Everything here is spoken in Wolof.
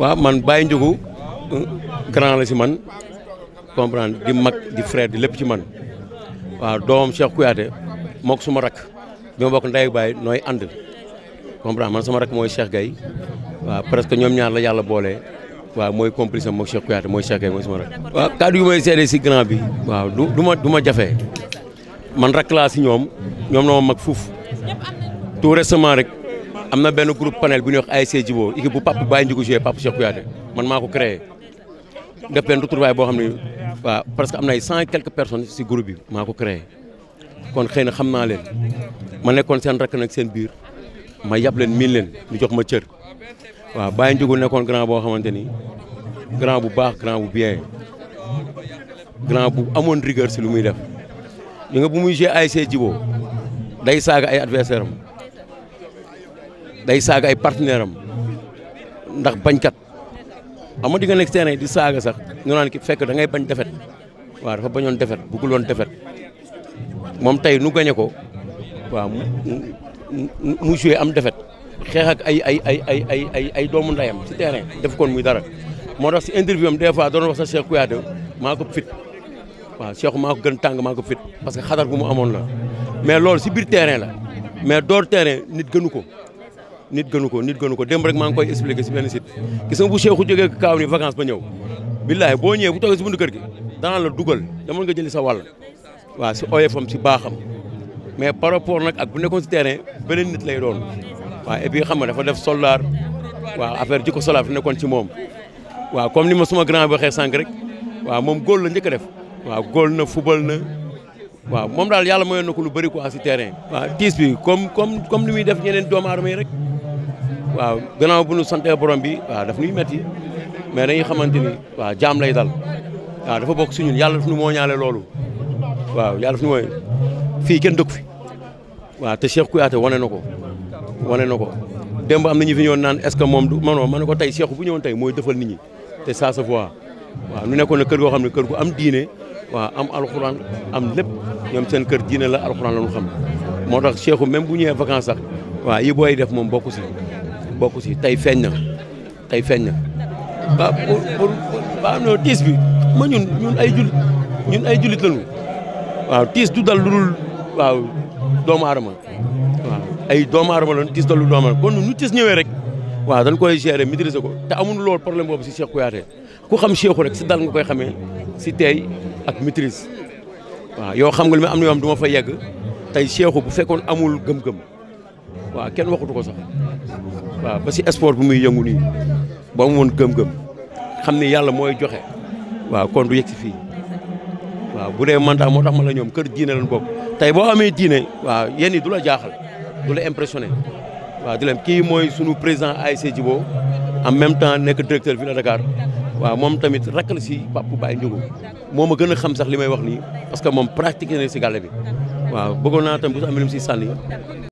waaw man Baye Ndiogou grand la si man comprendre di mag di frère di lépp ci man waaw doomam Cheikh Kouyaté moo ko suma rakk bi ma bokk ndey ak nooy ànd comprendre man sama rakk mooy Cheikh Gaye waaw presque ñoom ñaar la yàlla boole waaw mooy complice am moom Cheikh Kouyaté mooy Cheikh Gaye mooy sama rakk. waaw kàddu yu may seede si grand bi waaw du ma du ma jafe man rakk laa si ñoom ñoom na mag fuuf tout récemment rek. am na benn groupe panel bu ñuy wax ASC Djibo équipe bu Pape Baye Ndiouga joué Pape Cheikh Kouyaté man maa ko créé def benn retrouvaille boo xam ne waaw parce que am nay ay cent quelques personnes si groupe bi maa ko créé kon xëy na xam naa leen ma nekkoon seen rakk nag seen biir ma yab leen miin leen ñu jox ma cër waaw Baye Ndiouga nekkoon grand boo xamante ni grand bu baax grand bu bien grand bu amoon rigueur si lu muy def li nga bu muy joué ASC Djibo day saaga ay adversaire day saaga ay partenaire am ndax bañkat xam nga di nga nekk terrain di saaga sax nga naan ki fekk da ngay bañ defet waa dafa bañoon defet bëggul woon defet moom tey nu gañe ko waaw am defet xeex ak ay ay ay ay ay ay ay doomu ndayam si terrain def koon muy dara moo dax si interview am des fois doon wax sa Cheikh Kouyaté maa ko fit waaw Cheikh maa ko gën tàng maa ko fit parce que xadar gu mu amoon la mais loolu si biir terrain la mais door terrain nit gënu ko nit gënu ko nit gënu ko démb rek maa ngi koy expliqué si benn site gis nga bu Cheikhou jógee kaaw ni vacance ba ñëw billaahi boo ñëwee bu toogee si buntu kër gi danaa la dugal dama nga jëli sa wàll waaw si oyofam si baaxam mais par rapport nag ak bu nekkoon si terrain beneen nit lay doon waaw et xam nga def soldaar waaw affaire jikko soldaar fi nekkoon ci moom waaw comme ni ma suma grand bi waxee sànq rek waaw moom góol la njëkk a def waaw góol na fubal na waaw moom daal yàlla mayoon lu bëri quoi si terrain waaw tiis bi comme comme comme ni muy waaw gannaaw bu ñu santee borom bi waaw daf ñuy metti mais dañuy xamante ni waaw jaam lay dal waaw dafa bokk si ñun yàlla daf ñu moo ñaale loolu waaw yàlla daf ñu mooy fii kenn dëkk fi waaw te Cheikh Kouyaté wane na ko wane na ko démb am na ñu fi ñëwoon naan est-ce que moom du manoo ma ne ko tey Cheikh bu ñëwoon tey mooy defal nit ñi te ça se voit waaw nu nekkoon ne kër goo xam ne kër gu am diine waaw am alxuraan am lépp ñoom seen kër diine la alxuraan la ñu xam moo tax Cheikh même bu ñëwee vacances sax waaw booy def moom bokku si bokku si tey feeñ na tey feeñ na ba pour pour tiis bi ma ñun ñun ay julit ñun ay julit lañu waaw tiis du dal lu dul waaw doom aadama waaw ay doomu aadama lañu tiis dal lu doomu aadama kon nu tiis ñëwee rek waaw dañ koy gérer maîtriser ko te amul loolu problème boobu si Cheikh Kouyaté ku xam Cheikhou rek si dal nga koy xamee si teey ak maîtrise waaw yow xam nga li ma am na yoo xam fa yegg tey Cheikhou bu fekkoon amul gëm-gëm waaw kenn waxatu ko sax waaw ba si sport bu muy yëngu nii ba mu woon gëm-gëm xam ni yàlla mooy joxe waaw kon du yegg si fii waaw bu dee mandat moo tax ma la ñoom kër diine lañ bokk tey boo amee diine waaw yéen yi du la jaaxal du la impressionné waaw di leen kii mooy sunu président ASC Djibo en même temps nekk directeur ville la Dakar waaw moom tamit rakkal si Pape baay Ndiogou moom a gën a xam sax li may wax nii parce que moom pratiqué na si gàlle bi waaw bëggoon naa tam